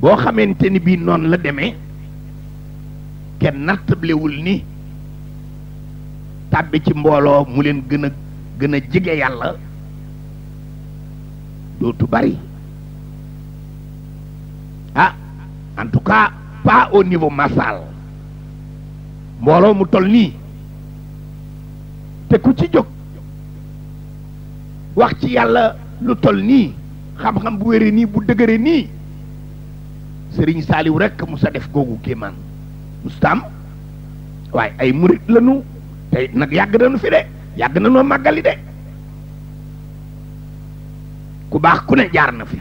boo xamante ni bii noonu la demee kenn nattablewul ni tàbbi ci mbooloo mu leen gën a gën a jege yàlla dootu bari ah en tout cas pas au niveau massal mbooloo mu tol nii te ku ci jóg wax ci yàlla lu tol nii xam-xam bu wére nii bu dëgëre nii sëriñ saaliw rekk mu sa def googu kéemaan mustaam waaye ay murit lanu tey nag yàgg na nu fi de yàgg nañoo màggali de ku baax ku ne jaar na fi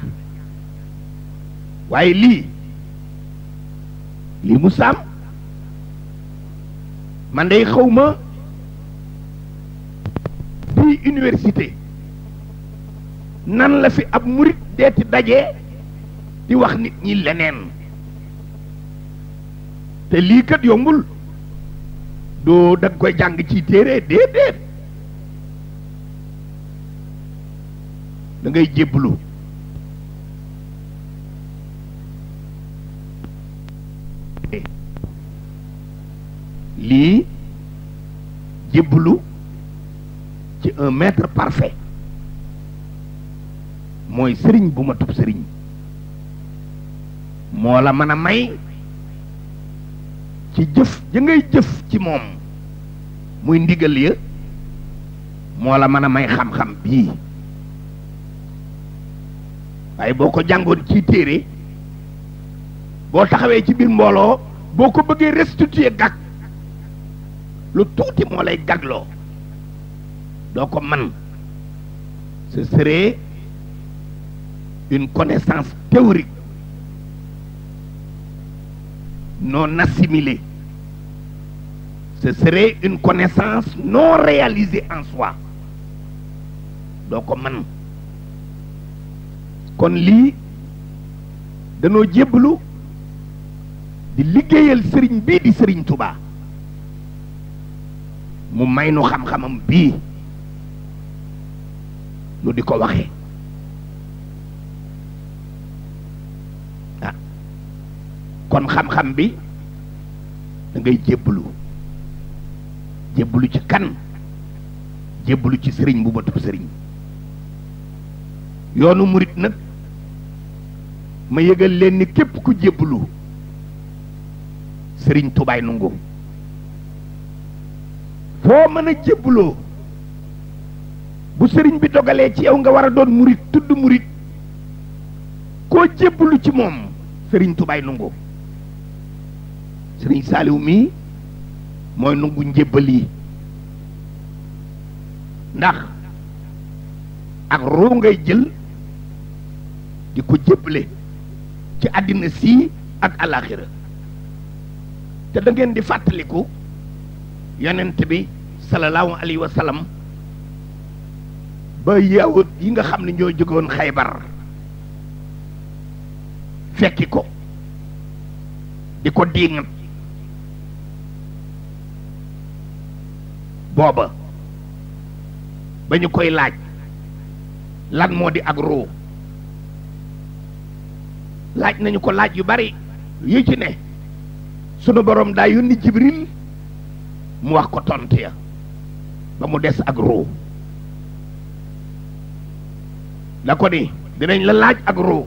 waaye lii lii mustaam man day xawma bii uniwersité nan la fi ab murit deeti daje di wax nit ñi leneen te lii kat yombul du dag koy jàng ci téere déedéet da ngay jéblu lii jéblu ci un maître parfait mooy sëriñ bu ma tub moo la mën a may ci jëf ja jëf ci moom muy ndigal ya moo la mën a may xam-xam bii waaye boo ko jàngoon ci téere boo taxawee ci biir mbooloo boo ko bëggee restituer gàgg lu tuuti moo lay gàggloo doo ko man ce serait une connaissance théorique non assimilé, Ce serait une connaissance non réalisée en soi. Donc, man. kon lit nos nos di de sëriñ bi di sëriñ touba. mu tout bas. xam-xamam nous dit. kon xam-xam bi da ngay jeblu jeblu ci kan jeblu ci serigne bu batub serigne yoonu murit nak ma yegal len ni kep ku jeblu serigne toubay nungu fo meuna a bu sering bi dogalee ci yow nga wara murid, doon murit tudd murit koo jébbalu ci mom serigne toubay nungu sëriñ saaliw mii mooy nungu njébbal yi ndax ak ruu ngay jël di ko jébbale ci àddina sii ak alaxira te dangeen ngeen di fàttaliku yonent bi salallaahu alayhi wa ba yawut yi nga xam ne ñoo jógoon xaybar fekki ko di ko diiŋat booba ba ñu koy laaj lan moo di ak ruu laaj nañu ko laaj yu bari yu ci ne sunu borom daa yónni jibril mu wax ko tont ya ba mu des ak ruu da ko ni dinañ la laaj ak ruu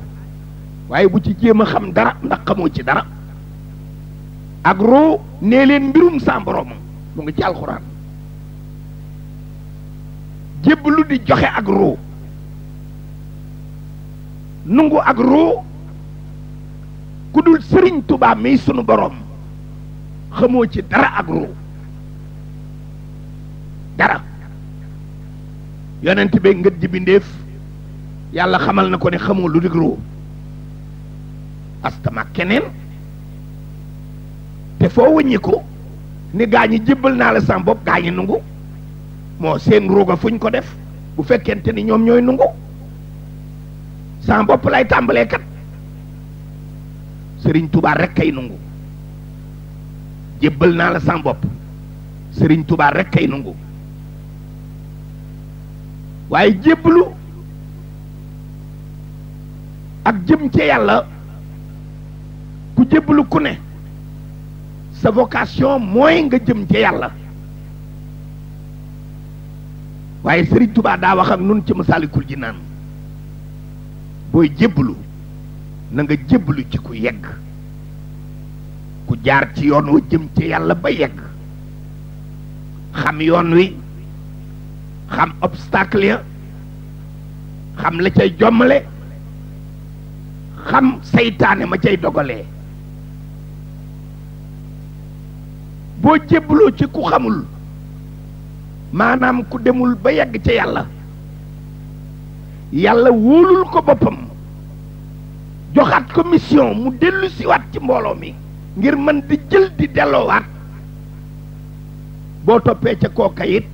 waaye bu ci jéem a xam dara ndax xamoo ci dara ak ruu nee leen mbirum sa borom mu ngi ci alxuraan lu di joxe ak ruu nungu ak ruu ku dul sëriñ tubaab mi sunu borom xamoo ci dara ak ruu dara yonent bi ngët ji bindéef yàlla xamal na ko ne xamoo lu dig ruu astama keneen te foo wëññi ko ni gaa ñi jébbal naa la sam bopp gaa ñi nungu moo seen ruuga fuñ ko def bu fekkente ni ñoom ñooy nungu sa bopp lay tàmbalee kat sëriñ tubaa rekk kay nungu jébbal naa la sa bopp sëriñ tubaa rekk kay nungu waaye jébbalu ak jëm ca yàlla ku jébbalu ku ne sa vocation mooy nga jëm ca yàlla waaye Serigne Touba daa wax ak nun ci Masaalikul Jinaan booy jébbalu nanga nga jébbalu ci ku yegg ku jaar ci yoon wa jëm ci yàlla ba yegg xam yoon wi xam obstacle ya xam la cay jommale xam seytaane ma cay dogalee boo jébbaloo ci ku xamul manam ku demul ba yegg ci yalla yalla wulul ko bopam joxat ko mission mu ci wat ci mbolo mi ngir man di jël di wat bo topé ci ko kayit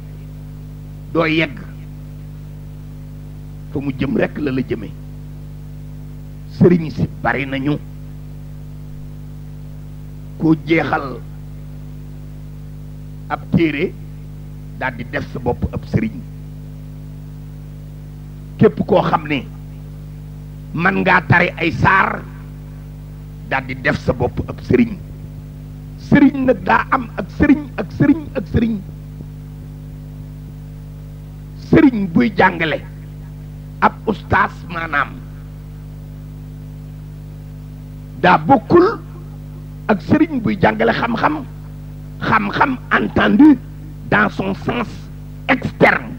do yegg fu mu jëm rek la la jëme serigne ci bari nañu ko jéxal ab téré dal di def sa bop ab sëriñ képp ko xam man nga taré ay sar dal di def sa bop ab sëriñ sëriñ nag da am ak sëriñ ak sëriñ ak sëriñ sëriñ buy jàngale ab oustaz manam da bokul ak sëriñ buy jàngale xam-xam xam-xam entendu dans son sens externe.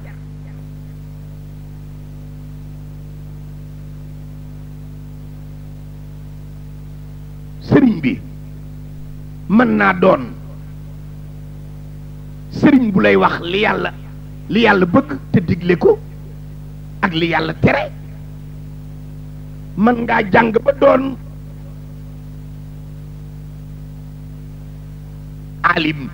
Serigne bi man na doon serigne bu lay wax li yalla li yalla bëgg te diglé ko ak li yalla téré man nga jang ba doon alim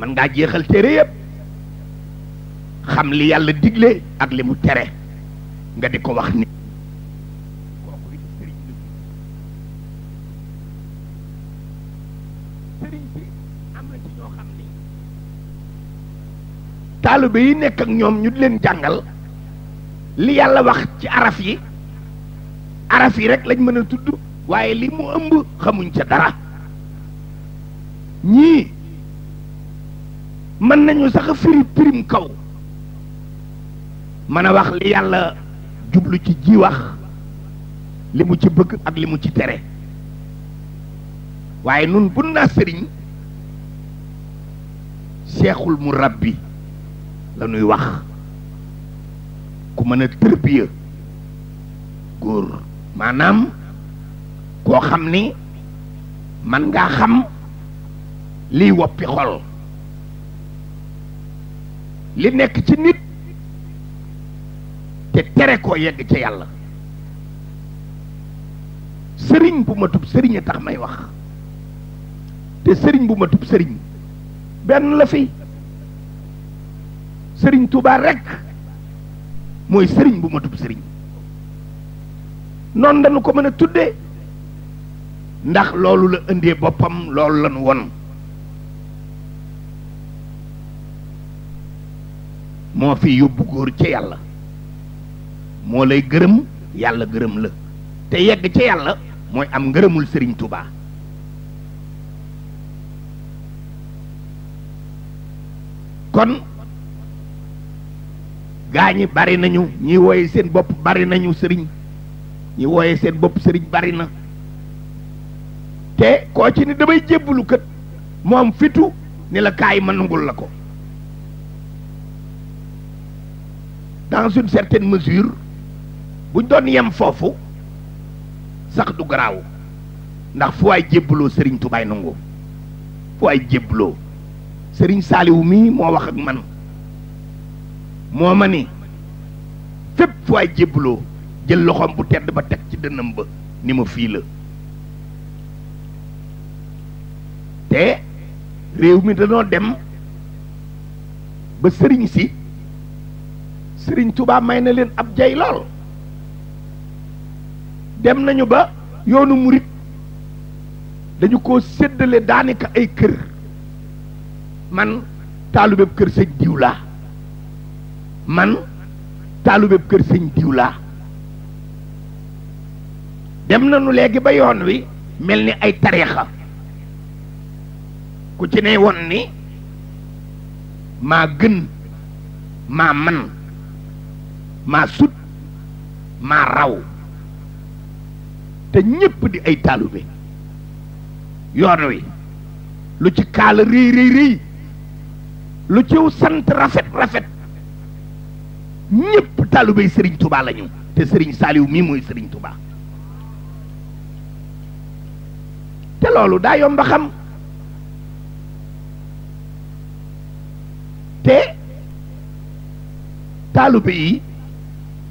mën ngaa jeexal téere yëpp xam li yàlla digle ak li mu tere nga di ko wax ni taalibe yi nekk ak ñoom ñu di leen jàngal li yàlla wax ci araf yi araf yi rek lañ mën a tudd waaye li mu ëmb xamuñ ca dara ñii mën nañu sax firi pirim kaw mën a wax li yàlla jublu ci ji wax li mu ci bëgg ak limu ci tere waaye nun bun naa sëriñ seexul mu rabbi la ñuy wax ku mën a tërbiya góor maanaam koo xam ni man ngaa xam liy woppi xol li nekk ci nit te tere koo yegg ci yàlla sëriñ bu ma tub sëriñ tax may wax te sëriñ bu ma tub sëriñ benn la fi sëriñ Tuubaa rekk mooy sëriñ bu ma tub sëriñ noonu dañu ko mën a tudde ndax loolu la indee boppam loolu lanu won moo fi yóbbu góor ci yàlla moo lay gërëm yàlla gërëm la te yegg ci yàlla mooy am ngërëmul sëriñ tubaa kon gaa ñi bari nañu ñi wooye seen bopp bari nañu sëriñ ñi wooye seen bopp sëriñ bari na te koo ci ni damay jébbalu mu am fitu ni la kaay ma nangul la ko dans une certaine mesure buñ doon yem foofu sax du garaaw ndax fu waay jébbaloo sëriñ tubaay nangu fu waay jébbaloo sëriñ saaliwu mii moo wax ak man moo ma ni fépp fu waay jébbaloo jël loxoom bu tedd ba teg ci dënnam ba ni ma fii la te réew mi danoo dem ba sëriñ si sëriñ tubaab may na leen ab jay lool dem nañu ba yoonu murit dañu ko séddale daanaka ay kër man taalubeb kër sëñ diw man taalubeb kër sëñ diw dem nañu léegi ba yoon wi mel ni ay tariixa ku ci ne woon ni maa gën maa man maa sut maa raw te ñépp di ay taalube yoon wi lu ci kaala rëy rëy rëy lu ciw sant rafet rafet ñépp taalubey sëriñ tubaa la ñu te sëriñ saaliw mii mooy sëriñ tubaa te loolu daa yomb a xam te taalube yi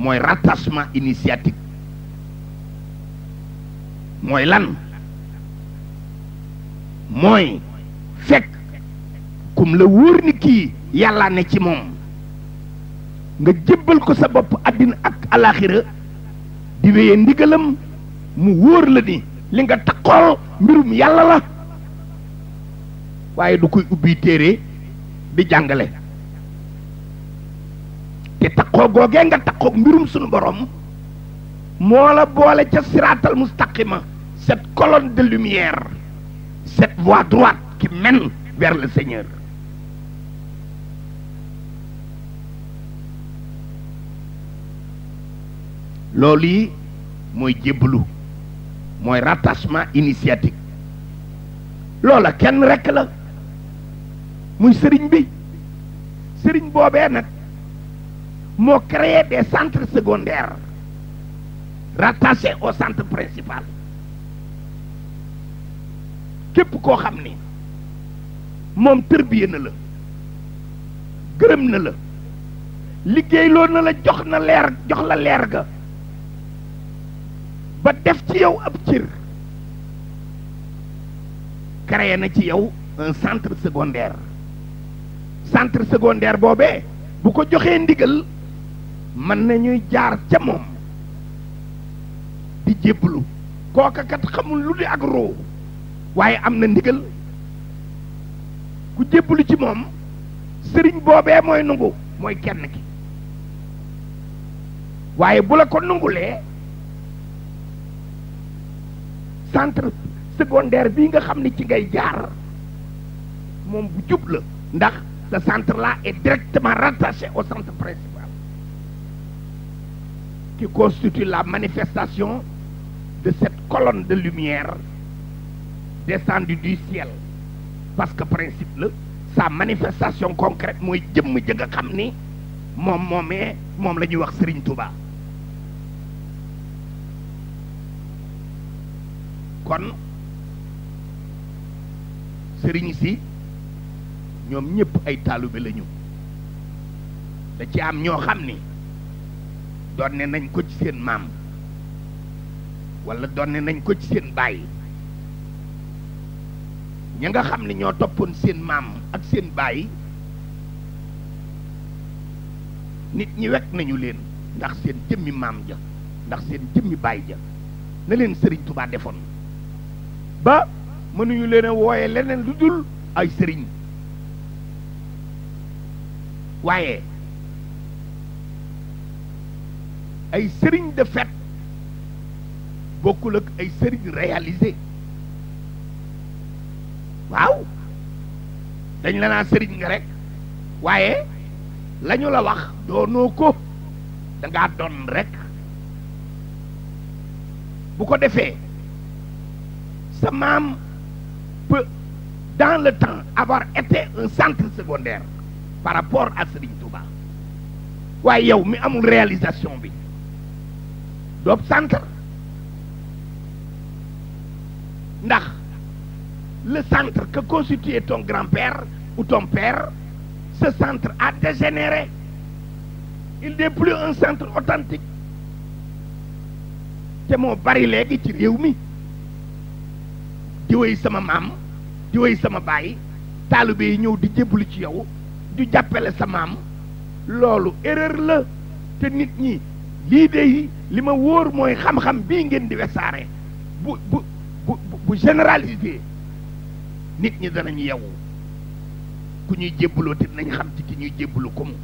moy rattachement initiatique moy lan moy fek kum la wour ni ki yalla ne ci mom nga jébbal ko sa bop ak alakhira di weye ndigalam mu wour la ni li nga takol mbirum yalla la waye du koy ubi bi jangale te takko goge nga takko mbirum sunu borom mo la bolé ci siratal mustaqima cette colonne de lumière cette voie droite qui mène vers le Seigneur loli moy djeblu moy rattachement initiatique lola ken rek la muy serigne bi serigne bobé nak moo créé des centre secondaires rattachés au centre principal képp koo xam ni moom tërbiye na la gërëm na la liggéeyloo na la jox na leer jox la leer ga ba def ci yow ab cër créé na ci yow un centre secondaire centre secondaire boobee bu ko joxee ndigal man nañuy jaar ca moom di jébbalu kooka kat xamul lu di ak roo waaye am na ndigal ku jébbalu ci moom sëriñ boobee mooy nungu mooy kenn ki waaye bu la ko nungulee centre secondaire bii nga xam ne ci ngay jaar moom bu jub la ndax le centre là est directement rattaché au centre principal qui constitue la manifestation de cette colonne de lumière descendue du ciel parce que principe le, sa manifestation concrète moi je me nga xam ni mon moomee mais mon le wax Serigne Touba kon Serigne si nyom ñëpp ay taalibe la ñu da ci am donne nañ ko ci seen maam wala donne nañ ko ci seen baay ña nga xam ne ñoo toppoon seen maam ak seen baay nit ñi wekk nañu leen ndax seen jëmmi maam ja ndax seen jëmmi baay ja na leen sëriñ tubaa defoon ba mënuñu leen a wooye leneen lu dul ay sëriñ waaye ay sëriñ de fait bokkul ak ay sëriñ réalisé waaw dañ la naan sëriñ nga rek waaye lañu la wax doonoo ko da ngaa Beaucoup rek bu ko defee sa maam peut dans le temps avoir été un centre secondaire par rapport à Serigne Touba waaye yow mi amul réalisation bi du ab centre ndax le centre que constituait ton grand-père ou ton père ce centre a dégénéré il n'est plus un centre authentique te moo bari léegi ci réew mi di woy sama maam di woy sama baay taalibe yi ñëw di jébbalu ci yow di jàppale sa maam loolu erreur la te nit ñi lii de li ma wóor mooy xam-xam bii ngeen di wesaare bu bu bu bu nit ñi danañ yewu ku ñuy jébbaloo te dinañ xam ci ki ñuy jébbalu ko mu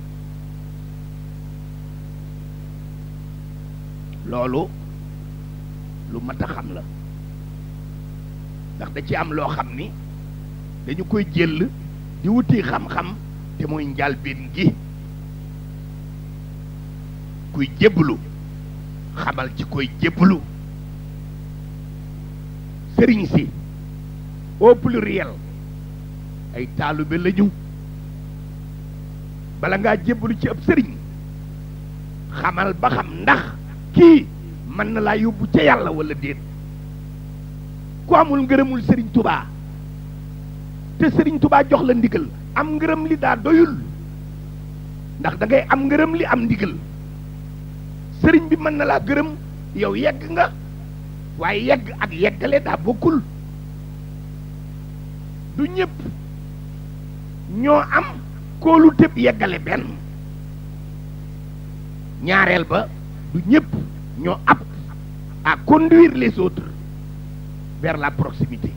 loolu lu mat a xam la ndax da ci am loo xam ni dañu koy jël di wuti xam-xam te mooy njàlbeen gi kuy jébbalu xamal ci koy jébbalu sëriñ si au pluriel ay taalibe lañu bala ngaa jébbalu ci ab sëriñ xamal ba xam ndax kii mën na laa yóbbu ca yàlla walla déet ku amul ngërëmul sëriñ tubaa te sëriñ tubaa jox la ndigal am ngërëm li daa doyul ndax dangay am ngërëm li am ndigal serigne bi man na la gërëm yow yegg nga waaye yegg ak yeggale daa bokkul du ñëpp ñoo am kóolu tëb yeggale benn ñaareel ba du ñëpp ñoo apte à conduire les autres vers la proximité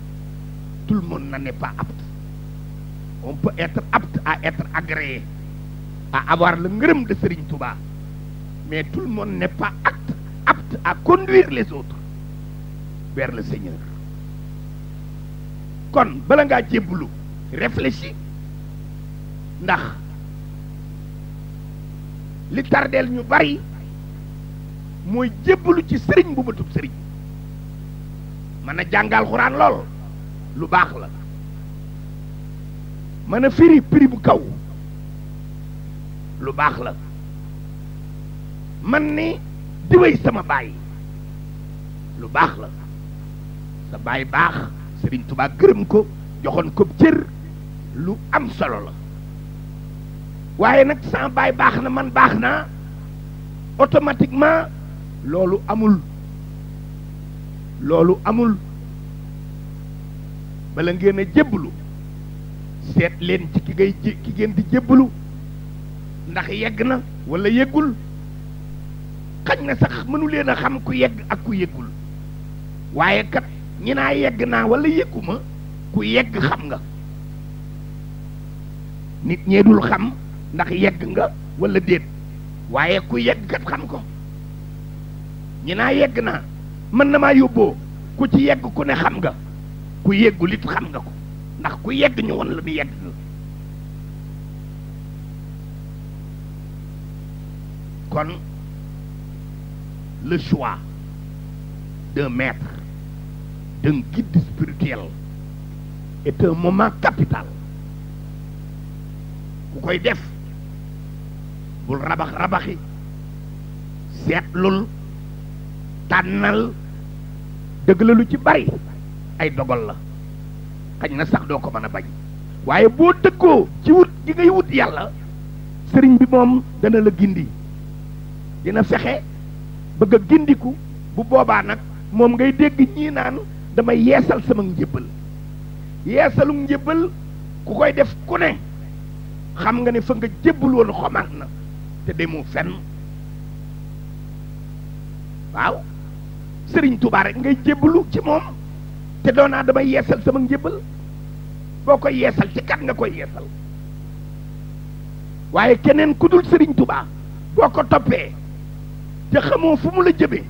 tout le monde n'est est pas apte on peut être apte à être agréé à avoir le ngërëm de Serigne Touba Mais tout le monde n'est pas apte, apte à conduire les autres vers le Seigneur. kon balanga ngaa jébbalu réfléchis ndax li tardeel ñu bari mooy jébbalu ci sëriñ bu matub mana mën Quran lol, xuraan lu bax la Mana firi prix bu kaw lu bax la man ni diwéy sama baay lu baax la sa baay baax Sëriñ Tubaa gërëm ko joxoon ko cër lu am solo la waaye nag sama baay baax na man baax naa automatiquement loolu amul loolu amul bala ngeen a seet leen ci ki ngay ki ngeen di jébbalu ndax yegg na walla yeggul xañ na sax mënu leen a xam ku yegg ak ku yeggul waaye kat ñi naa yegg naa walla yegguma ku yegg xam nga nit ñee dul xam ndax yegg nga wala déet waaye ku yegg kat xam ko ñi naa yegg naa mën na maa yóbboo ku ci yegg ku ne xam nga ku yeggul it xam nga ko ndax ku yegg ñu woon la mu yegg kon le choix d'un maître, d'un guide spirituel est un moment capital. Vous koy def bul rabax rabaxi seetlul tànnal dëgg De lu ci bari ay dogol la xañ na sax do ko mën a Waye bo boo ci wut gi ngay wut yalla, serigne bi mom dana la gindi dina fexé bëgg a gindiku bu boobaa nag moom ngay dégg ñii naan damay yeesal sama njëbbal yeesalu njëbbal ku koy def ku ne xam nga ne fa nga jébbal woon xomaat na te demoo fenn waaw sëriñ Tuubaa rek ngay jébbalu ci moom te doonaa damay yeesal sama njëbbal boo koy yeesal ci kat nga koy yeesal waaye keneen ku dul sëriñ Tuubaa boo ko toppee te xamoo fu mu la jëmee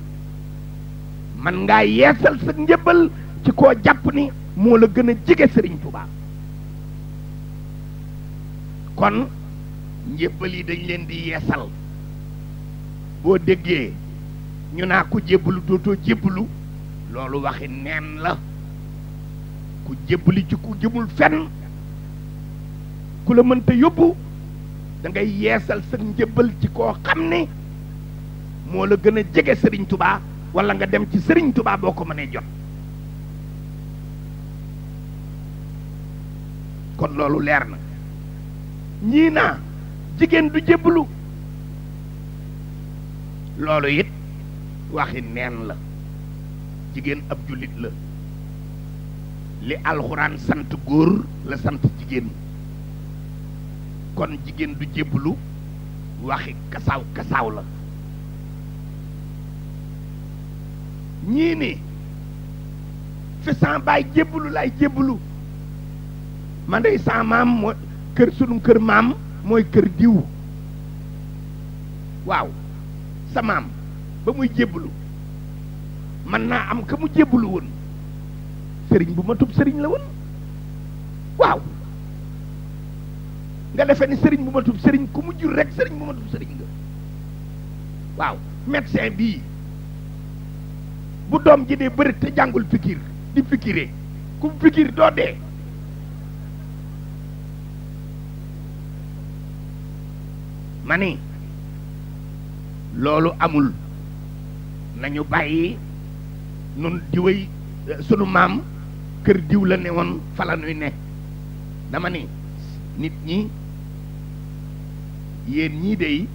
man ngaa yeesal sa njëbbal ci koo jàpp ni moo la gën a jége sëriñ Tuubaa kon njëbbal yi dañ leen di yeesal boo déggee ñu naa ko jébbalu dootoo jébbalu loolu waxi neen la ku jébbali ci ku jëmul fenn ku la mënta yóbbu dangay yeesal sa njëbbal ci koo xam ne mo la gëna a jege sëriñ tubaa wala nga dem ci sëriñ touba boko mëne jot kon loolu leer na ñi na jigen du jébbalu loolu it waxi neen la jigen ab julit la li alquran sante la sante jigen kon jigen du bulu, waxi kasaw kasaw la ñii ni fi san baay jébbalu laay jébbalu man day san maam mooy kër sunu kër maam mooy kër diw waaw sa maam ba muy jébbalu man naa am ka mu jébbalu woon sëriñ bu ma tub sëriñ la woon waaw nga defee ni sëriñ bu ma tub sëriñ ku mu jur rek sëriñ bu ma tub sëriñ nga waaw médecin bii bu doom ji dee bëri te jàngul fikir di fikire ku fikir doo dee ma loolu amul nañu bàyyi nun di wéy eh, sunu maam kër diw la ne woon falanuy ne dama ni nit ñi yéen ñii dey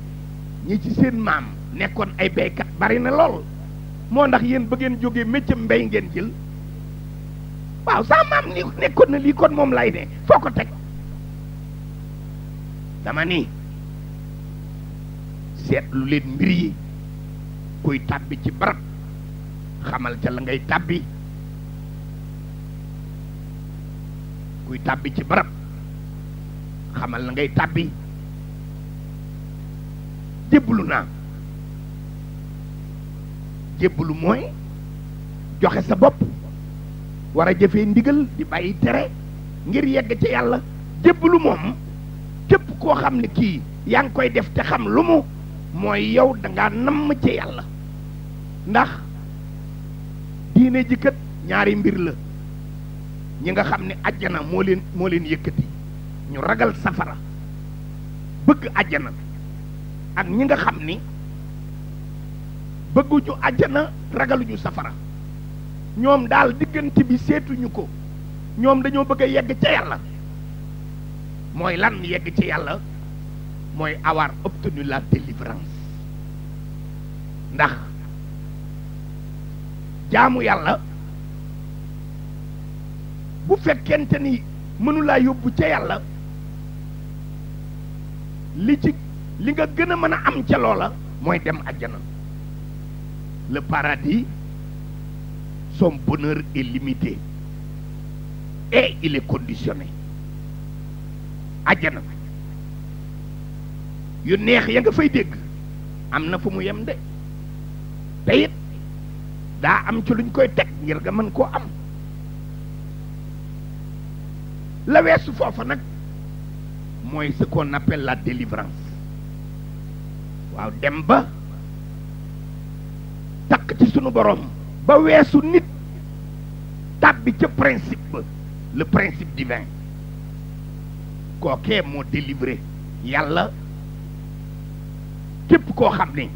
ñi ci seen maam nekkoon ay béykat bari na lool moo ndax yéen bëggeen ngeen jógee métier mbéy ngeen jël waaw saa maam ni nekkoon na lii kon moom lay ne foo ko teg dama ni seetlu leen mbir yi kuy tàbbi ci barab xamal ca la ngay tàbbi kuy tàbbi ci barab xamal la ngay tàbbi jébbalu naa jébbalu mooy joxe sa bopp war a ndigal di bàyyi tere ngir yegg ci yàlla jébbalu moom képp koo xam ne kii yaa ngi koy def te xam lu mu mooy yow da ngaa namm ci yàlla ndax diine ji kat ñaari mbir la ñi nga xam ne ajjana moo leen moo leen yëkkati ñu ragal safara bëgg ajjana ak ñi nga xam aljana ragalu ñu safara ñoom daal diggante bi seetuñu ko ñoom dañoo bëgg a yegg ca yàlla mooy lan yegg ci yàlla mooy avoir obtenu la délivrance ndax jaamu yàlla bu fekkente ni mënulaa yóbbu ca yàlla li ci li nga gën a am ca loola mooy dem aljana le paradis, son bonheur est limité et il est conditionné. àjjana yu neex ya nga fay dégg am na fu mu yem de te daa am ci luñ koy teg ngir nga mën koo am la weesu foofa nag mooy ce qu'on la délivrance waaw dem ba sunu weesu nit tàbbi ca principe ba kookee moo délivré yàlla képp koo xam ni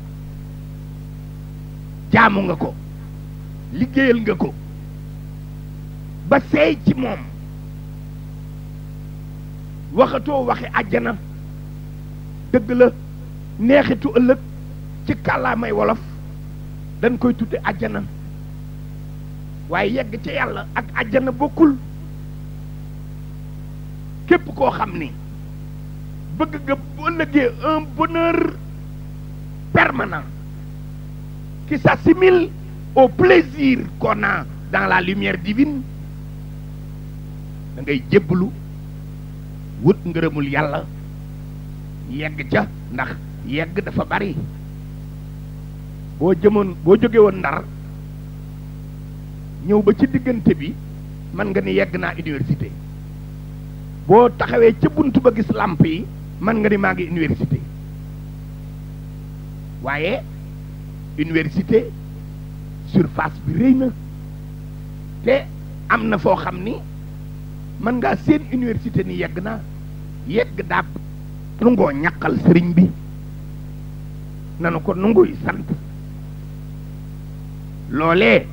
jaamu nga ko liggéeyal nga ko ba seey ci moom waxatoo waxi àjjana dëgg la neexitu ëllëg ci kàllaamay wolof dañ koy tudde aljana waaye yegg ci yàlla ak aljana bokkul képp koo xam ni bëgg nga bu ëllëgee un bonheur permanent qui s'assimile au plaisir qu'on a dans la lumière divine da ngay jébbalu wut ngërëmul yàlla yegg ca ndax yegg dafa bari boo jëmoon boo jóge woon ndar ñëw ba ci diggante bi man nga ni yegg naa université boo taxawee ca bunt ba gis làmp yi man nga ni maa ngi université waaye université surface bi rëy na te am na foo xam ni man ngaa seen université ni yegg na yegg dàpp nu ngoo sëriñ bi nanu ko nu nguy sant loolee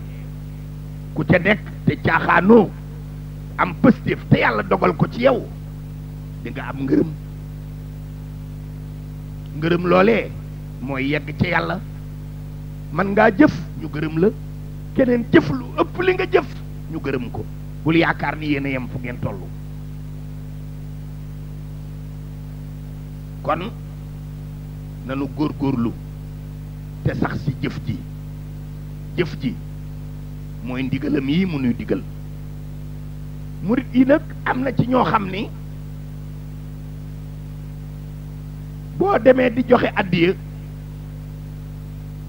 ku ca nekk te caaxaanoo am pëstéef te yàlla dogal ko ci yow dinga am ngërëm ngërëm loolee mooy yegg ci yàlla man ngaa jëf ñu gërëm la keneen jëf lu ëpp li nga jëf ñu gërëm ko bul yaakaar ni yéen a fu ngeen tollu kon nanu góorgóorlu te sax si jëf ji jëf ji mooy ndigalam yi mu nuy digal murit yi nag am na ci ñoo xam ni boo demee di joxe addiya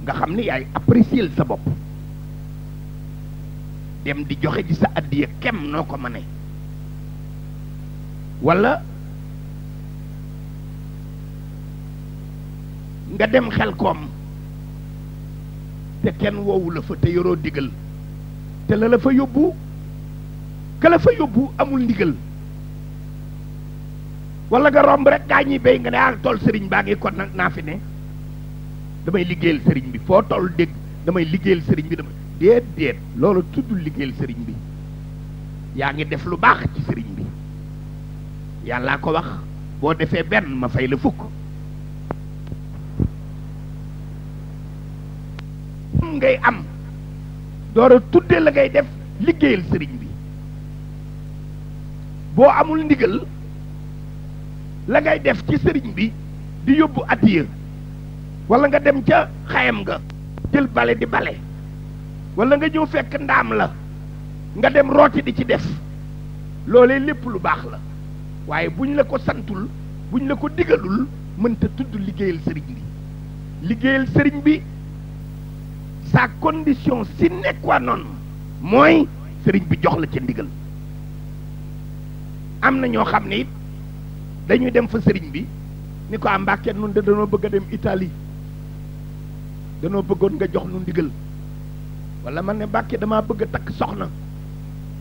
nga xam ni yaay apprécier sa bopp dem di joxe ci sa addiya kem noo ko mënee walla nga dem xel koom te kenn woowu la fa te yoroo ndigal te la la fa yóbbu ka la fa yóbbu amul ndigal wala nga romb rek gaa ñi béy nga ne ah tool sëriñ baa ngi kon nag naa fi ne damay liggéeyal sëriñ bi foo toll dégg damay liggéeyal sëriñ bi damay déet déet loolu tuddul liggéeyal sëriñ bi yaa ngi def lu baax ci sëriñ bi yàllaa ko wax boo defee benn ma fay la fukk ngay am door a la ngay def liggéeyal sëriñ bi bo amul ndigal la ngay def ci sëriñ bi di yobbu addiya wala nga dem ca xayam nga jël bale di bale wala nga ñëw fekk ndam la nga dem roti di ci def lolé lepp lu bax la waye buñ la ko santul buñ la ko digalul ta tuddu liggéeyal sëriñ bi liggéeyal sëriñ bi sa condition nekk qua non mooy sëriñ bi jox la ca ndigal am na ñoo xam ne it dañuy dem fa sëriñ bi ni ko am ah, Mbàkke nun de danoo bëgg a dem itali danoo bëggoon nga jox nu ndigal walla man ne Mbàkke damaa bëgg a takk soxna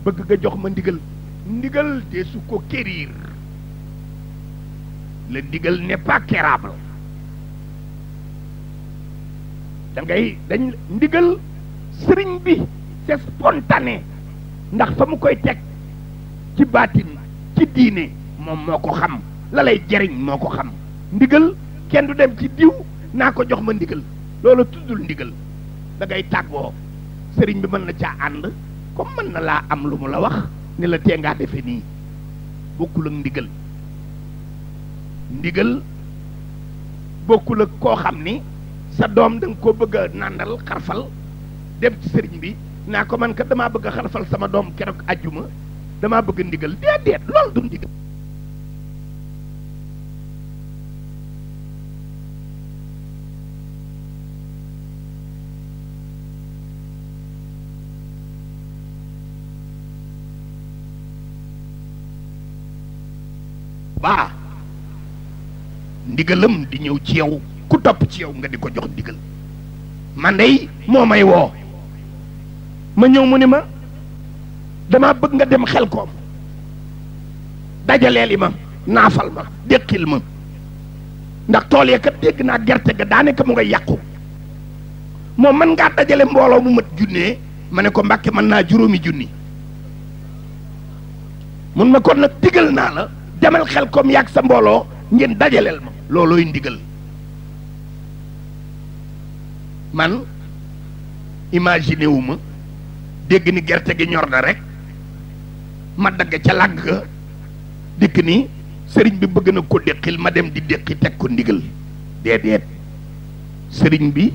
bëgg nga jox ma ndigal ndigal de su ko quérir le ndigal n'est pas quérable da ngay dañ ndigal sëriñ bi c'est spontané ndax fa mu koy teg ci baatin ci diine moom moo ko xam la lay jariñ moo ko xam ndigal kenn du dem ci diw naa ko jox ma ndigal loolu tuddul ndigal da ngay tàggoo sëriñ bi mën na caa ànd comme mën na laa am lu mu la wax ni la tee ngaa nii bokkul ndigal ndigal bokkul ak koo xam ni sa dom dang ko bëgg nandal xarfal dem ci sëriñ bi na ko man ka dama bëgg xarfal sama dom keroog aljuma dama bëgg ndigal déedéet loolu du ndigal ba ndigalam di ñew ci yow ku top ci yow nga diko jox digal man day momay wo ma ñew mu ne ma dama bëgg nga dem xel koom dajaleel ma nafal ma dekkil ma ndax ya kat dégg na gerte ga daanaka mu nga yàqu mom man nga dajale mbolo mu mat junnee mané ko mbacké man na juróomi junni mun ma kon nak digal na la demal xel koom yak sa mbolo ngeen dajalel ma loloy ndigal man imaginer wu ma dégg ni gerte gi ñor na rek ma dag ca lag dik ni serigne bi bëgg na ko dekkil ma dem di dekk tek ko ndigal dedet serigne bi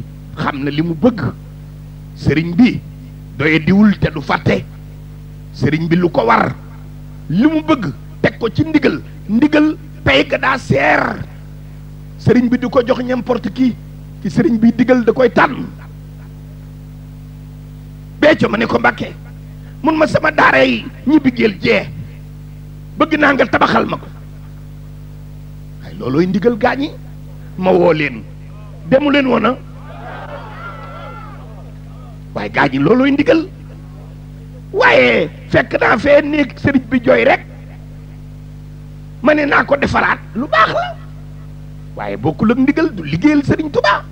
xamna limu bëgg serigne bi doye diwul te du fàtte serigne bi lu ko war limu bëgg tek ko ci ndigal ndigal pay ga da ser serigne bi du ko jox n'importe qui ki sëriñ bi diggal da koy tànn becco ma ne ko mbàkke mun ma sama daara yi ñibbi géel jee bëgg naa nga tabaxal ma ko waaye loolooy ndigal gaañi ma woo leen demu leen woona waaye gaañi loolooy ndigal waaye fekk naa fee néeg sëriñ bi jooy rek ma ne naa ko defaraat lu baax la waaye bokkul ak ndigal du liggéeyal sëriñ Tuubaa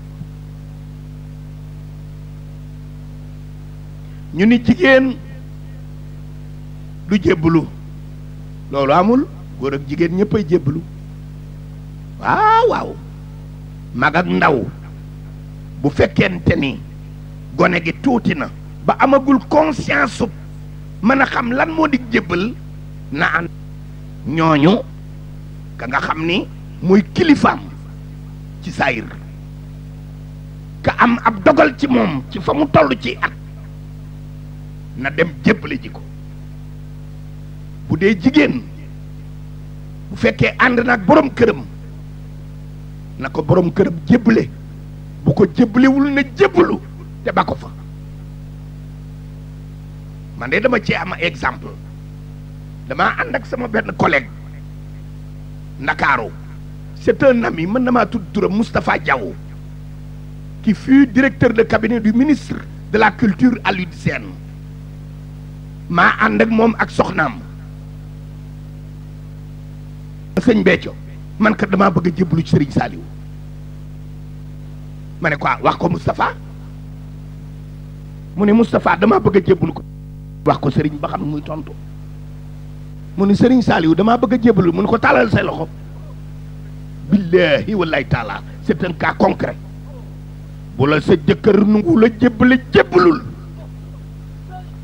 ñu ni jigéen lu jébbalu loolu amul góor ak jigéen ñëpp ay jébbalu waaw waaw ndaw bu fekkente ni gone gi tuuti na ba amagul conscience su mën a xam lan moo di jébbal na an ñooñu ka nga xam ni mooy kilifaam ci saayir ka am ab dogal ci moom ci fa mu tollu ci at na dem jébbale ji ko bu dee jigéen bu fekkee ànd nag borom këram na ko borom këram jébbale bu ko jébbalewul na jébbalu te ba ko fa man de dama ci am exemple damaa ànd ak sama benn collègue Ndakaaru c'est un ami mën na maa tudd turam Moustapha Diaw qui fut directeur de cabinet du ministre de la culture Alioune maa ànd ak moom ak soxnaam sëñ Béthio man kat damaa bëgg a jébbalu saaliw Serigne Saliou ma ne quoi ah, wax ko mustafaa mu ne Moustapha damaa bëgg a ko wax ko Serigne ba xam ne muy tontu mu ne Serigne Saliou damaa bëgg a jébbalu mu ne ko tàllal say loxo billaahi wallahi taala c'est un cas concret bu la sa jëkkër nungu la jébbale jébbalul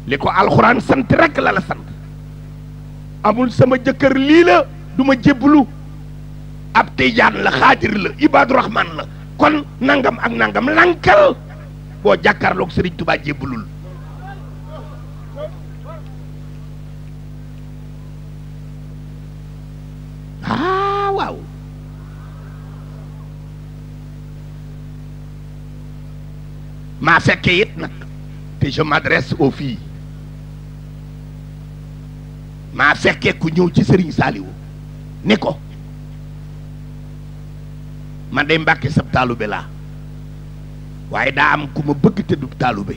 Liko alquran sante rek la la sante amul sama jeuker li la duma jeblu ab tidian la khadir la ibaadu rahman la kon nangam ak nangam lankal bo jàkkaarloog sëriñ tubaa jébbalul ah waaw maa fekke it nag te je m'adresse aux filles maa fekkee ku ñëw ci sëriñ saaliwu ni ko man day mbàkke sab taalube laa waaye daa am ku ma bëgg te du taalube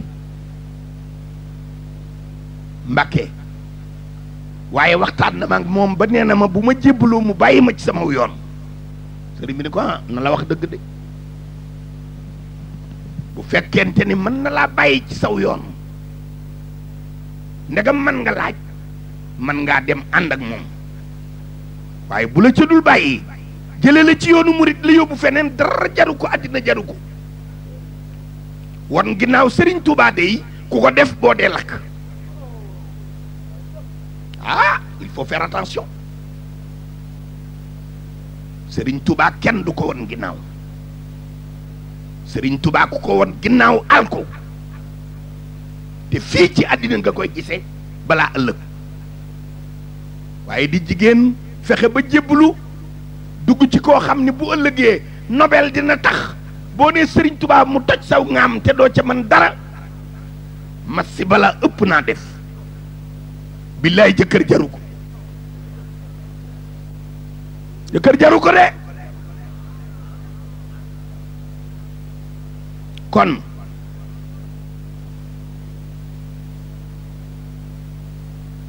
mbàkke waaye waxtaan na moom ba nee na ma bu ma jébbaloo mu bàyyi ma ci sama yoon sëriñ bi ni ko ah na la wax dëgg de bu fekkente ni mën na laa bàyyi ci saw yoon ndegam man nga laaj man ngaa dem ànd ak moom waaye bu la ca dul bàyyi jële la ci yoonu murit la yóbbu feneen dara jaru ko àddina jaru ko wan ginnaaw sëriñ Tuubaa dey ku ko def boo dee lakk ah il faut faire attention sëriñ Tuubaa kenn du ko wan ginnaaw sëriñ Tuubaa ku ko won ginnaaw al ko te fii ci àddina nga koy gisee balaa ëllëg waaye di jigéen fexe ba jébbalu dugg ci koo xam ni bu ëllëgee nobel dina tax boo nee sëriñ tubaab mu toj saw ngaam te doo ca man dara mas si ëpp naa def billaay jëkkër jaru ko jëkkër jaru ko de kon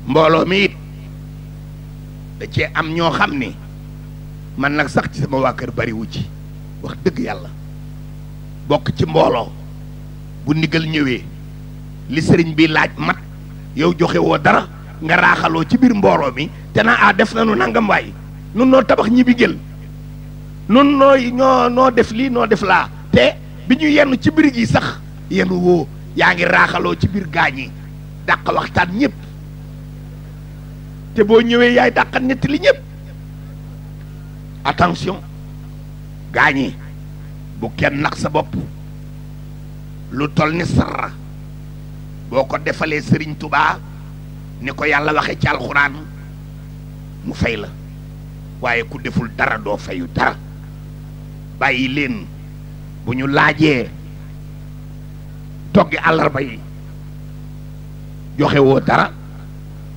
mbooloo mi da cee am ñoo xam ni man nag sax ci sama waa kër bariwu ci wax dëgg yàlla bokk ci mbooloo bu ndigal ñëwee li sëriñ bi laaj mat yow joxe woo dara nga raaxaloo ci biir mbooloo mi te naa a def nanu nangam waay nun noo tabax ñibbi jël nun nooy ñoo noo def lii noo def laa te bi ñu yenn ci birig yi sax yenn woo yaa ngi raaxaloo ci biir gaañ yi dàq waxtaan ñépp te boo ñëwee yaay dàqat ñetti li ñëpp attention gaañi bu kenn nax sa bopp lu tol ni sarra boo ko defalee sëriñ tubaa ni ko yàlla waxe ci alxuraan mu fay la waaye ku deful dara doo fayu dara bàyyi leen bu ñu laajee toggi àllarba yi joxewoo dara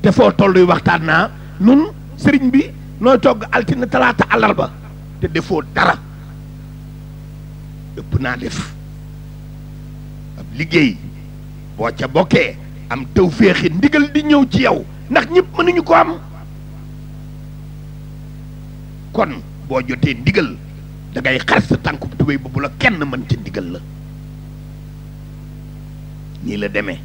te foo tolluy waxtaan naa nun sëriñ bi nooy togg altine talaata ba te defoo dara dëpp naa def ab liggéey boo ca bokkee am taw féexi ndigal di ñëw ci yow ndax ñëpp mënuñu ko am kon boo jotee ndigal da ngay sa tànku tubéy ba bu la kenn mën ca ndigal la nii la demee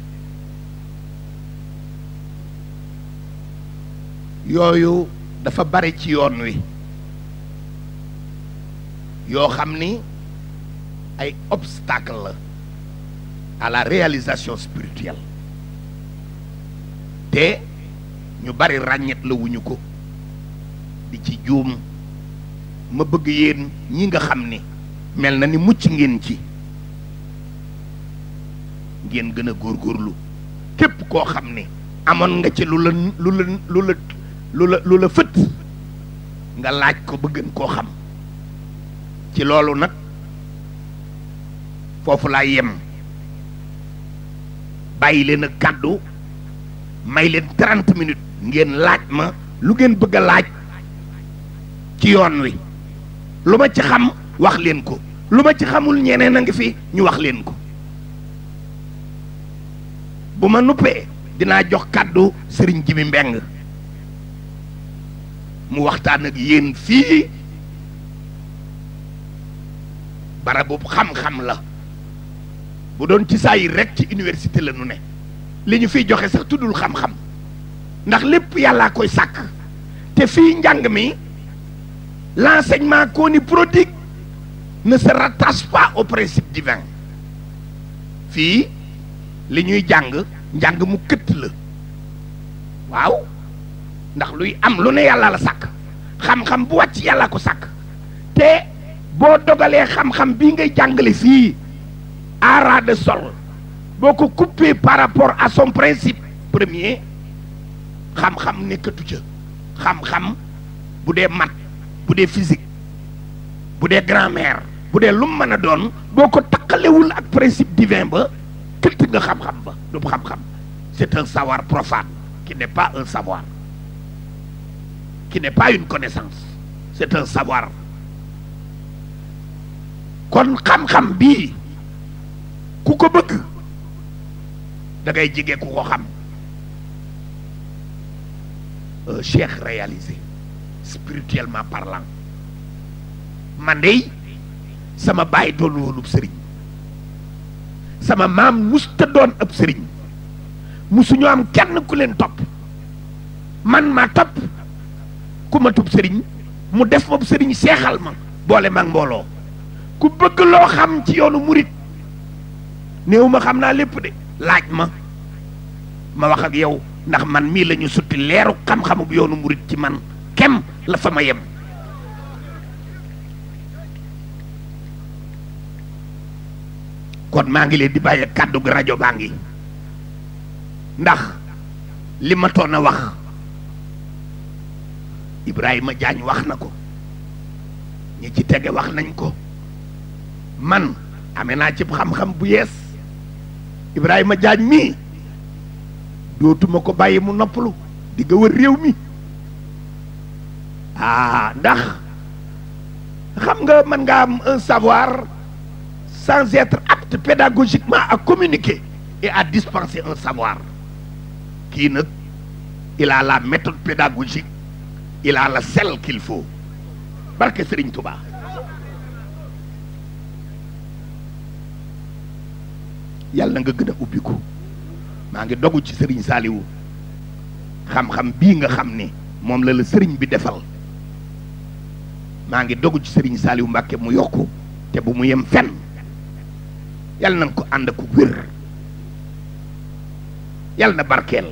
yooyu dafa bari ci yoon wi yoo xam ni ay obstacle la à la réalisation spirituelle te ñu bari ràññet la wuñu ko di ci juum ma bëgg yéen ñi nga xam ni mel na ni mucc ngeen ci ngeen gën a góorlu képp koo xam ni amoon nga ci lu la lu la lu la lu nga laaj ko bëggën ko xam ci loolu nag foofu laa yem bàyyi leen ak kàddu may leen trente minutes ngeen laaj ma lu ngeen bëgg a laaj ci yoon wi lu ma ci xam wax leen ko lu ma ci xamul ñeneen a fi ñu wax leen ko bu ma nuppee jox kàddu sëriñ mbeng mu waxtaan ak yéen fii barabu xam-xam la bu doon ci saa yi rek ci université la nu ne li ñu fiy joxe sax tuddul xam-xam ndax lépp yàllaa koy sàkk te fii njàng mi l'enseignement qu'on y prodigue ne se rattache pas au principe divin fii li ñuy jàng njàng mu këtt la waaw ndax luy am lu ne yàlla la sàkk xam-xam bu wàcc yàllaa ko sàkk te boo dogalee xam-xam bii ngay jàngale fii à ras de sol boo ko coupé par rapport à son principe premier xam-xam nekkatu ca xam-xam bu dee mat bu dee physique bu dee grammaire bu dee lu mu mën a doon boo ko takkalewul ak principe divin ba këtt nga xam-xam ba du xam-xam c'est un savoir profane qui n'est pas un savoir qui n'est pas une connaissance c'est un savoir kon xam-xam bi, kuko ko bëgg da ngay jege ku ko xam un cheikh réalisé spirituellement parlant man dey sama baay doon woonub sëriñ sama maam musta doon ab sëriñ musuñu am kenn ku leen topp man ma topp ku matub sëriñ mu def ma sëriñ seexal ma boole mag mbooloo ku bëgg loo xam ci yoonu murit néew ma xam naa lépp de laaj ma ma wax ak yow ndax man mii lañu ñu sutti leeru xam-xamu yoonu murit ci man kem la fa yem kon maa ngi leen di bàyyi kàddu gi rajo baa ngi ndax li ma toon a wax ibrahima jañ wax nako ñi ci wax nañ ko man amena ci xam-xam bu yes ibrahima jañ mi dootuma ko bayyi mu noppalu di nga wër réew mi ah ndax xam nga man nga am un savoir sans être apte pédagogiquement à communiquer et à dispenser un savoir qui ne il a la méthode pédagogique il a la selle qu'il faut barke Serigne Touba yàlla na nga gën a ubbiku maa ngi dogu ci Serigne Saliou xam-xam bii nga xam ni moom la la Serigne bi defal maa ngi dogu ci sëriñ Saliou Mbacke mu yox ko te bu mu yem fen yàlla na nga ko ànd ak wér yàlla na barkeel.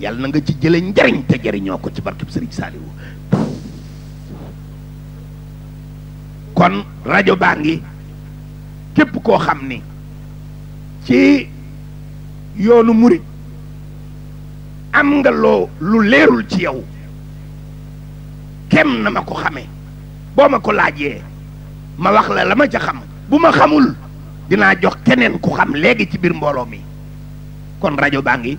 yàlla na nga ci jele njariñ te jariñoo ci barke serigne saliwu kon radio bangi kep ko xamni ni ci yoonu murit am nga lo lu leerul ci yow kem na mako xame xamee boo ma ko laajee ma wax la lama ma xam bu ma xamul dina jox kenen ku xam legi ci bir mbolo mi kon radio bangi.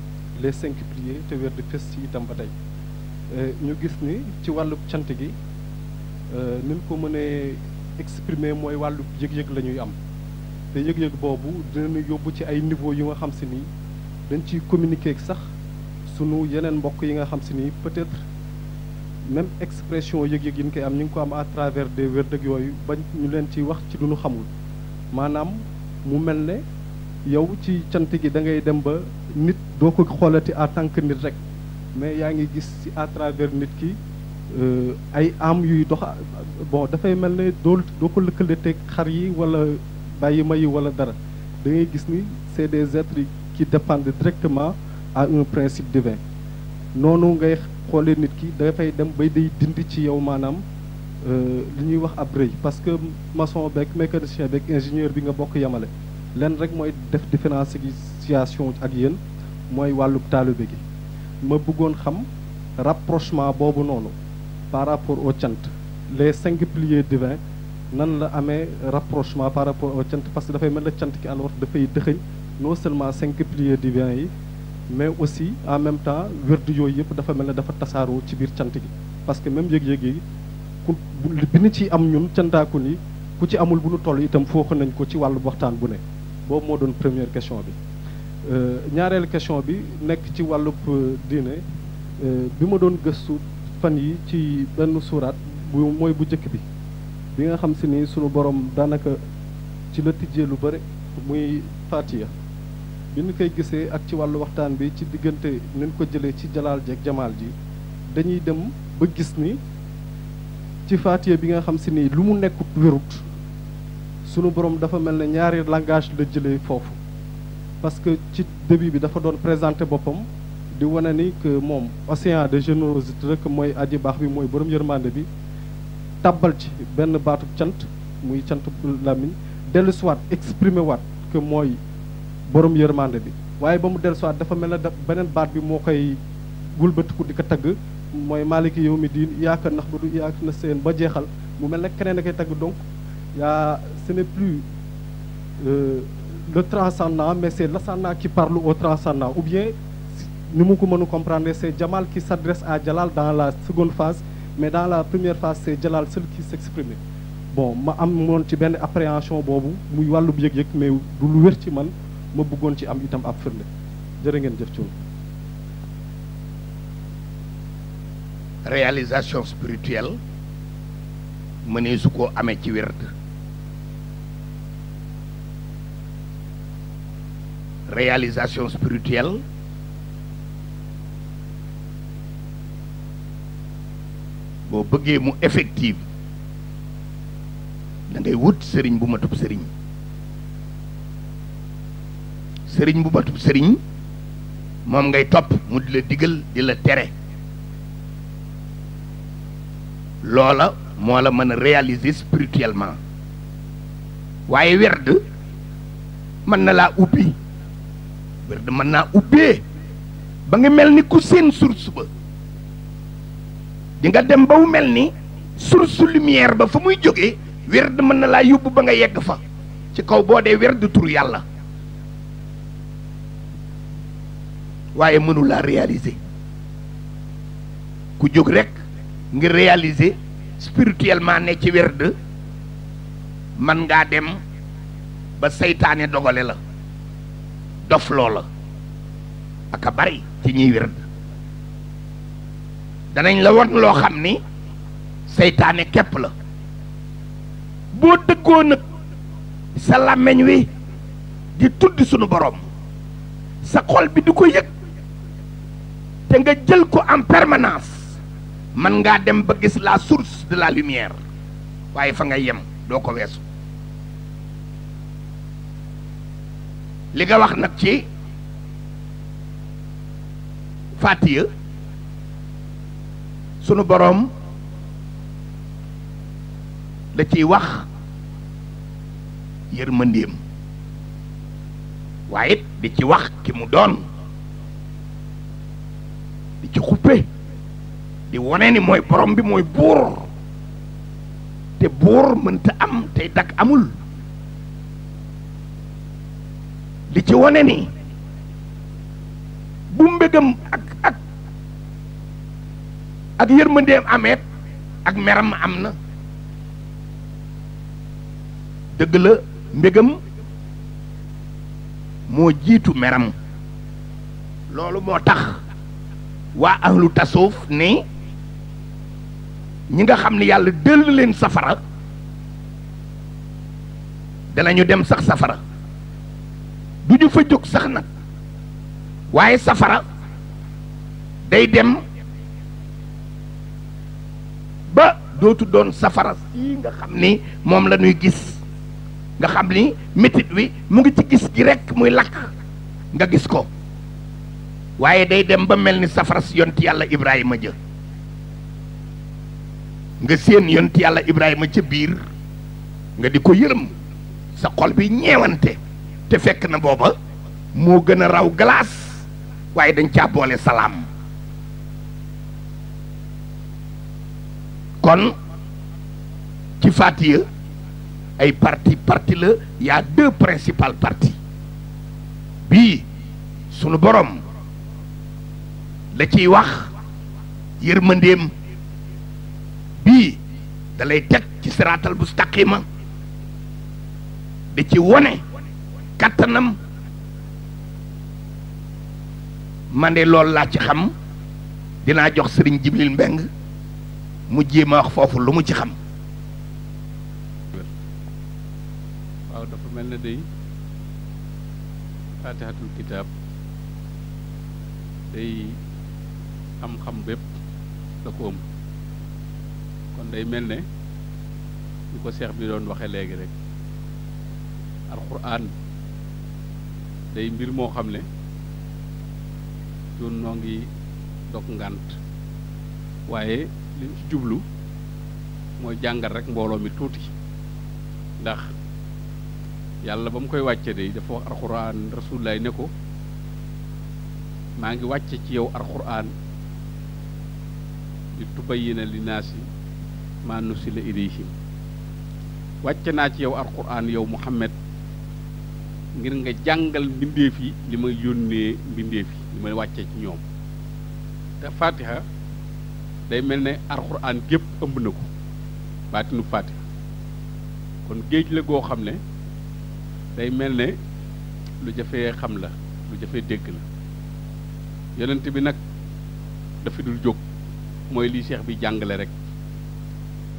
les cinq prières te weer di fës ci itam ba tey ñu gis ni ci wàllu cant gi ni mu ko mënee exprimer mooy wàllu yëg-yëg la ñuy am te yëg-yëg boobu dinañu yóbbu ci ay niveau yu nga xam si ni dañ ciy communiquer sax sunu yeneen mbokk yi nga xam si ni peut-être même expression yëg-yëg yi ñu koy am ñu ngi ko am à travers des wér yooyu bañ ñu leen ci wax ci lu ñu xamul maanaam mu mel ne. yow ci cant gi da ngay dem ba nit doo ko xoolati en tant que nit rek mais yaa ngi gis ci à travers nit ki euh, ay am yuy dox bon dafay mel ne doo doo ko teg xar yi wala bàyyi ma yi wala dara da ngay gis ni c'est des êtres qui dépendent directement à un principe divin noonu ngay xoolee nit ki dafay dem bay day dindi ci yow maanaam euh, li ñuy wax ab rëy parce que maçon beeg mécanicien beeg ingénieur bi nga bokk yemale lenn rek moy def différence ci situation ak yeen moy walu talibé gi ma bëggoon xam rapprochement boobu noonu par rapport au cant les cinq piliers divins nan la amee rapprochement par rapport au cant parce que dafay mel na cant ki alors dafay dëxëñ non seulement cinq piliers divins yi mais aussi en même temps wérdu yooyu yëpp dafa mel ne dafa tasaaroo ci biir cant gi parce que même yëg-yëg yi ku bi ni ci am ñun cantaaku ni ku ci amul bu nu toll itam fooxa nañ ko ci wàllu waxtaan bu ne boobu moo doon première question bi euh, ñaareelu question bi nekk ci wàllub euh, diine euh, bi ma doon gëstu fan yi ci benn suuraat bu mooy bu njëkk bi bi nga xam si ni sunu borom daanaka ci la tijjee lu bëri muy Fatiha bi ñu koy gisee ak ci wàllu waxtaan bi ci diggante nañ ko jëlee ci jalaal ji ak jamaal ji dañuy dem ba gis ni ci Fatiha bi nga xam si ni lu mu nekkut wérut suñu borom dafa mel ne ñaari langage la jëlee foofu parce que ci début bi dafa doon présenté boppam di wane ni que moom océan de générosité rek mooy aji baax bi mooy borom yërmande bi tabal ci benn baatu cant muy cant làmmiñ dellusiwaat exprimé waat que mooy borom yërmande bi waaye ba mu dellusiwaat dafa mel ne beneen baat bi moo koy gulbatiku di ko tagg mooy maaliki yow mi diin yaaka nax ba du yaaka na seen ba jeexal mu mel ne keneen a koy tagg donc yaa ce n'est plus euh, le transcendant, mais c'est l'ascendant qui parle au transcendant. Ou bien, nous pouvons comprendre, c'est Jamal qui s'adresse à Jalal dans la seconde phase, mais dans la première phase, c'est Jalal seul qui s'exprime. Bon, je suis mon ci appréhension bobu muy walu yek mais du lu wër ci man ma Je ci am itam réalisation spirituelle je suko réalisation spirituelle boo bëggee mu effective da ngay wut sëriñ bu matub sëriñ sëriñ bu matub sëriñ moom ngay topp mu di la digal di la tere la mën réaliser spirituellement waaye werd mën na laa wér de mën naa ubbee ba nga mel ni ya ku seen source ba di nga dem ba mel ni source lumière ba fa muy jógee wér de mën na laa yóbbu ba nga yegg fa ci kaw boo dee wér de tur yàlla waaye mënu laa réaliser ku jóg rek nga réaliser spirituellement ne ci wér de man ngaa ya dem ba seytaane dogale la dof loola ak a bari ci ñuy wér danañ la won loo xam ni seytaane képp la boo dëggoo nag sa làmmiñ wi di tudd sunu boroom sa xol bi du ko yëg te nga jël ko en permanence man ngaa dem ba gis la source de la lumière waaye fa nga yem doo ko weesu li nga wax nag ci fàttiya sunu boroom da ciy wax yër yërmandeem waaye it di ci wax ki mu doon di ci xuppe di wone ni mooy borom bi mooy buur te buur mënta am tey dak amul li ci wone nii bu mbëggam ak ak ak yërmandeem ameet ak meram am na dëgg la mbëggam moo jiitu meram loolu moo tax waa ahlu tasuuf ni ñi nga xam ni yàlla dëll leen safara danañu dem sax safara fa jog sax nak waye safara day dem ba do doon safara yi nga xamni mom la nuy gis nga xamni metit wi mu ngi ci gis gi rek muy lak nga gis ko waye day dem ba melni ni safara si yont yalla ibrahima je nga seen yont yalla ibrahima ci bir nga di ko sa xol bi ñewante te fekk na booba moo gën a raw galaas waaye dañ caa boole salaam kon ci Faatiya ay parti parti la y a deux principales bii sunu boroom da ciy wax yërmandeem bii da lay teg ci seraatal mustaqima da ci wone kattanam man de loolu laa ci xam dinaa jox sëriñ Jibril Mbeng mu jéem wax foofu lu mu ci xam. waaw dafa mel ne day faatixatul kitaab day xam-xam bépp da ko ëmb kon day mel ne ñu ko seex bi doon waxee léegi rek alxuraan. day mbir moo xam ne doon noo ngi dog ngànt waaye liñ jublu mooy jàngal rekk mbooloo mi tuuti ndax yàlla ba mu koy wàcce de dafa wax alxuraan rasulilaay ne ko maa ngi wàcce ci yow alxuraan di tubayyina li naasi maa nusila ilayhim wàcce naa ci yow alxuraan yow Muhammad ngir nga jàngal mbindeef yi li ma yónnee mbindeef yi li ma wàccee ci ñoom te fatiha day mel ne alxuraan gépp ëmb na ko baatinu fatiha kon géej la goo xam ne day mel ne lu jafee xam la lu jafee dégg la yonent bi nag dafa dul jóg mooy li seex bi jàngale rek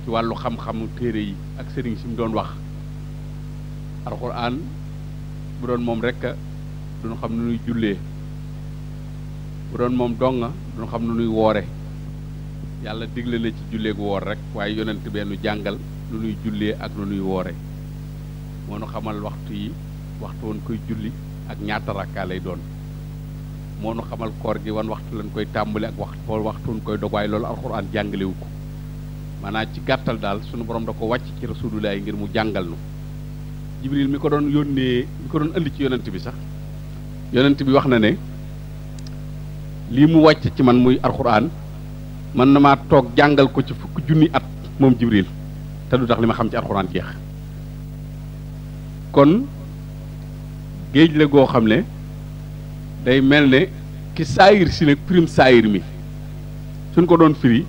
ci wàllu xam-xamu téere yi ak sëriñ si doon wax alxuraan bu doon moom rek duñu xam nu nuy jullee bu doon moom dong duñu xam nu nuy woore yàlla digle na ci julleeg woor rek waaye yonent benn jàngal lu nuy jullee ak nu nuy woore moo nu xamal waxtu yi waxtu woon koy julli ak ñaata rakkaa lay doon moo nu xamal koor gi wan waxtu lañ koy tàmbali ak waxtu waxtu woon koy dog waaye loolu alxuraan jàngalewu ko maanaam ci gàttal daal sunu borom da ko wàcc ci rasulullah ngir mu jàngal nu jibril mi ko doon yónnee mi ko doon indi ci yonent bi sax yonent bi wax na ne lii mu wàcc ci man muy alxuraan man na maa toog jàngal ko ci fukk junni at moom jibril te du tax li ma xam ci alxuraan jeex kon géej la goo xam ne day mel ne ki saayir si nag saayir mi suñ ko doon firi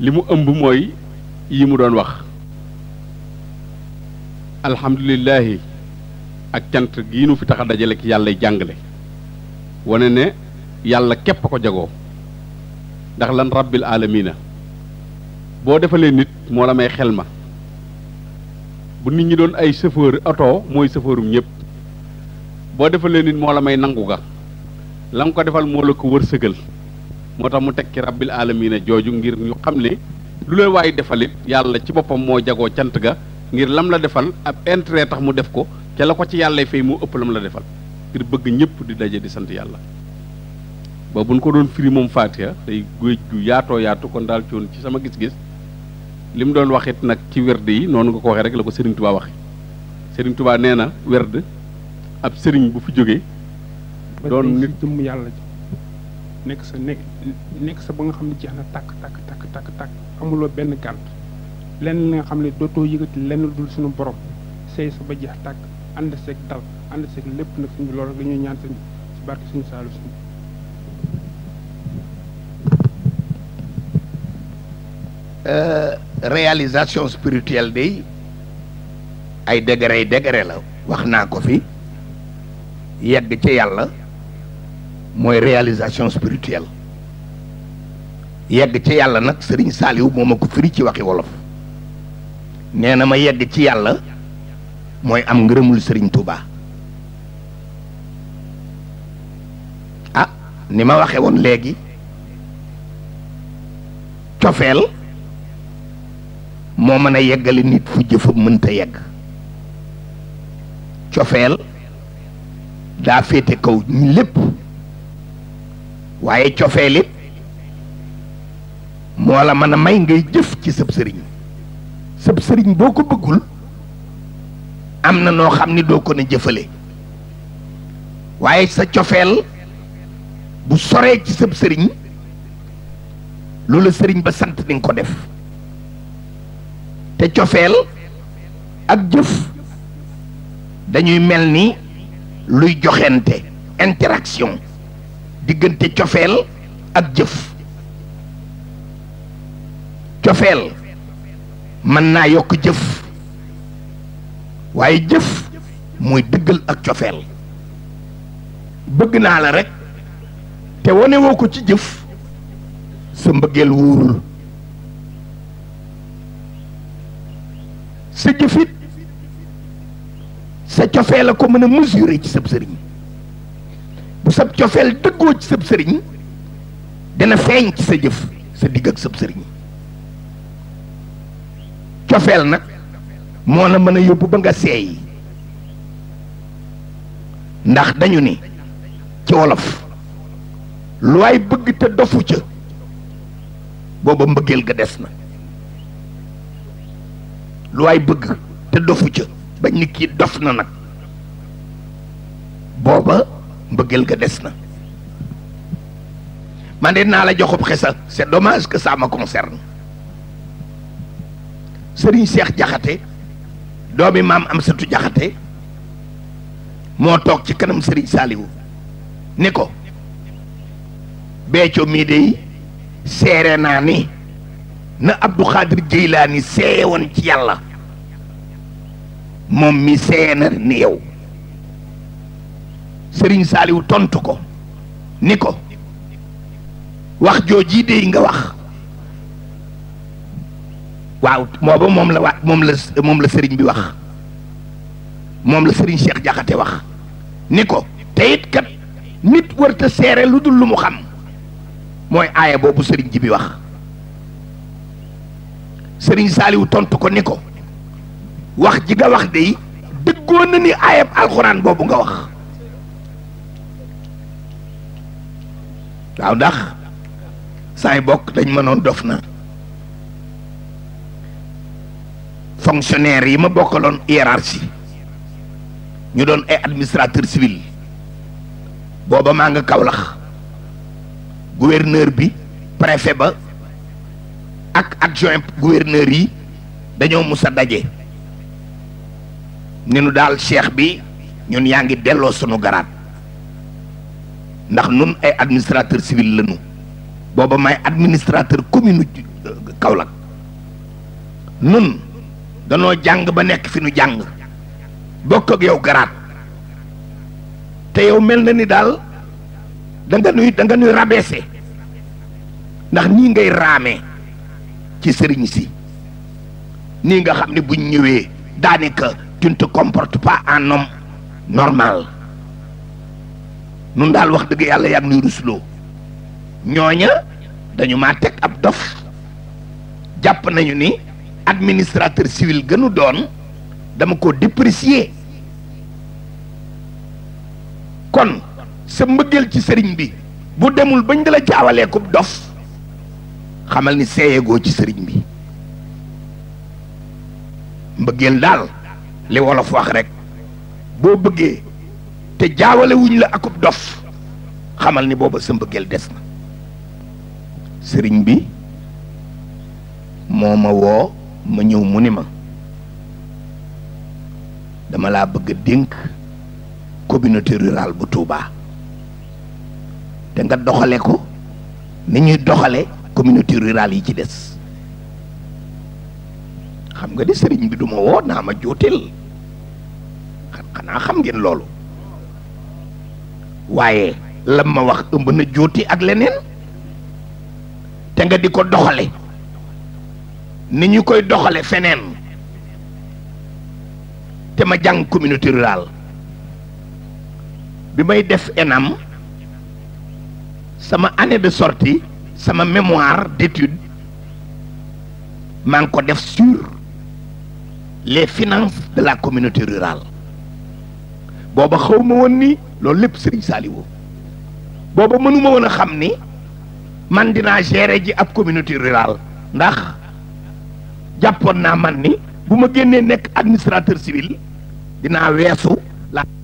li mu ëmb mooy yii mu doon wax alhamdulillahi ak tiant gi nu fi taxa dajale ki yalla jangale wane ko jago ndax lan rabbil alamina bo defalee nit mo la may xelma bu nit ñi doon ay chauffeur auto moy chauffeurum ñëpp bo defalee nit mo la may nanguga lam ko defal mo la ko wërsegal motax mu tek rabbil alamina joju ngir ñu xam lu lay way defalit yalla ci bopam mo jago tiant ga ngir lam la defal ab intérêt tax mu def ko ca la ko ci yàlla fay mu ëpp lam la defal ngir bëgg ñëpp di daje di sant yàlla ba buñ ko doon firi moom Faatiha day géej gu yaatoo yaatu kon daal coon ci sama gis-gis li mu doon waxit nag ci werd yi noonu nga ko waxee rek la ko Serigne Touba waxe Serigne Touba nee na werd ab sëriñ bu fi jógee doon nit yàlla nekk sa nekk sa ba nga xam ne jeex na takk takk tàkk tàkk tàkk amuloo benn gànt lenn li xam ne dootoo yëgati lenn dul suñu borom sëy sa ba jeex tàkk ànd seeg dal ànd seeg lépp nag suñu loolu rek la ñuy ñaan sëñ si barke suñu saalu suñu euh, réalisation spirituelle day ay degré yi degré la wax naa ko fi yegg ci yàlla mooy réalisation spirituelle yegg ci yàlla nag Serigne Saliou moo ma ko firi ci waxi wolof nee na ma yegg ci yàlla mooy am ngërëmul sëriñ Touba ah ni ma waxe woon léegi cofeel moo mën a yeggale nit fu jëfam mënta yegg cofeel daa féete kaw ñi lépp waaye cofeel it moo la mën a may ngay jëf ci sab sëriñ sab sëriñ boo ko bëggul am na noo xam ni doo ko ne jëfale waaye sa cofeel bu soree ci sëb sëriñ loola sëriñ ba sant ni ko def te cofeel ak jëf dañuy mel ni luy joxente interaction diggante cofeel ak jëf cofeel mën naa yokk jëf waaye jëf mooy dëggal ak cofeel bëgg naa la rekk te wane ko ci jëf sa mbëggeel wóorul sa jëfit sa cofeel a ko mën a mesurer ci sab sëriñ bu sab cofeel dëggoo ci sab sëriñ dana feeñ ci sa jëf sa digg ak sab sëriñ cofeel nag moo la mën a yóbbu ba nga seey ndax dañu ni ci wolof lu waay bëgg te dofu ca booba mbëggeel ga des na lu waay bëgg te dofu ca ba nit ki dof na nag booba mbëggeel ga des na man de naa la joxub xesa c'est dommage que ça me Sering cheikh jaxate doomi memang am seutu jaxate mo tok ci kanam serigne saliwu niko ko mi de serena ni na abdou Khadir Jilani seewon ci yalla mom mi seeye ni yow serigne saliwu tontu ko niko wax joji de nga wax waaw booba moom la wa moom la la sëriñ bi wax moom la sëriñ Cheikh Jaxate wax ni ko te it kat nit wërta seere lu dul lu mu xam mooy aaya boobu sëriñ ji bi wax sëriñ Saaliw tontu ko ni ko wax ji nga wax de dëggoon na ni aayab alxuraan boobu nga wax waaw ndax saay bokk dañ mënoon dof na fonctionnaire yi ma bokkaloon hiérarchie ñu doon ay administrateur civil booba maa nga Kaolack gouverneur bi préfet ba ak adjoint gouverneur yi dañoo mus a daje ni nu daal cheikh bi ñun yaa ngi delloo sunu garaat ndax nun ay administrateur civil lañu booba may administrateur commune Kaolack nun danoo jang ba nek fi nu jang bokk ak yow garat te yow mel ni dal da nga nuy da nga nuy rabaissé ndax ni ngay ramé ci serigne si ni nga xamni bu ñëwé danika tu ne te comportes pas en homme normal nun dal wax deug yalla yak nuy ruslo ñoña dañu ma tek ab dof japp nañu ni administrateur civil gënu doon dama ko déprécier kon sa mbëggeel ci sëriñ bi bu demul bañ dala jaawalee ko dof xamal ni seeyegoo ci sëriñ bi mbëggeel daal li wolof wax rek boo bëggee te jaawale wuñ la akub dof xamal ni booba sa mbëggeel des na bi ma ñew mu ni ma dama la bëgg dénk communauté rurale bu Touba té nga doxalé ko ni ñuy doxalé communauté rurale yi ci dess xam nga di sëriñ bi duma wo na ma jotel xana kan xam ngeen loolu lam ma wax ëmb na joti ak lenen té nga diko doxalé ni ñu koy doxale feneen te ma jàng communauté rurale bi may def ENAM sama année de sorti sama mémoire d'étude maa ngi ko def sur les finances de la communauté rurale booba xawma ma woon ni loolu lépp Serigne Saliou booba mënuma woon a xam ni man dinaa gérer ji ab communauté rurale ndax jàppoon naa man ni bu ma génnee nekk administrateur civil dinaa weesu la